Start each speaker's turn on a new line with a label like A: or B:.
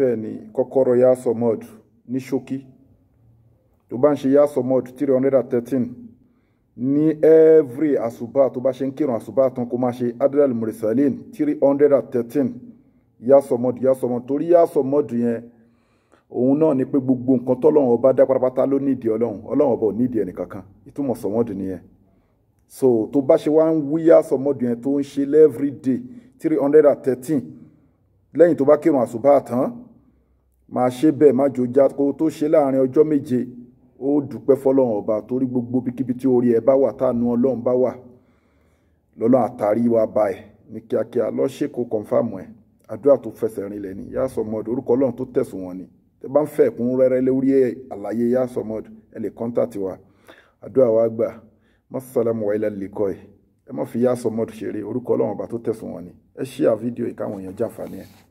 A: bẹ́ẹ̀ ni kọ́kọ́rọ́ yá sọmọ́ọ̀dù ní ṣókí tó bá ń ṣe yá sọmọ́ọ̀dù three hundred and thirteen ní every àṣùbà tó bá ṣe ń kírun àṣùbà tán kó máa ṣe adral mursalin three hundred and thirteen yá sọmọ́ọ̀dù yá sọmọ́ọ̀dù torí yá sọmọ́ọ̀dù yẹn òun náà ni pé gbogbo nǹkan tọ́lọ́run ọba dá pátápátá ló nídìí ọlọ́run ọlọ́run ọba ò nídìí ẹnìkankan ìtumọ̀ sọmọ́ọ̀dù nìyẹn so tó bá ṣe wá ń wíyá sọmọ́ọ̀dù yẹn tó ń ṣe every day three hundred and thirteen lẹ́yìn tó bá kírun àṣùbà tán máa ṣe bẹ́ẹ̀ má jòjá kó tó ṣe láàrin ọjọ́ méje ó dúpẹ́ fọlọ́run ọba torí gbogbo bíkíbi tí orí ẹ bá wà táànù ọlọ́run bá wà lọ́lọ́run àtàrí wa bá ẹ ní kíákíá lọ ṣe kó kọ̀ǹfàmù ẹ àdúrà tó fẹsẹ̀ rinlẹ̀ ni yá sọmọdù orúkọ ọlọ́run tó tẹ̀sùn wọn ni tẹ bá ń fẹ́ ẹ̀kún rẹ́rẹ́ lórí àlàyé yá ẹ lè kọ́ńtà tiwa àdúrà wa gbà mọ́sálàmù wa ilẹ̀ lè kọ́ ẹ ẹ má fi yá sọmọdù ṣeré orúkọ ọlọ́run ọba tó tẹ̀sùn wọn ni ẹ ṣí à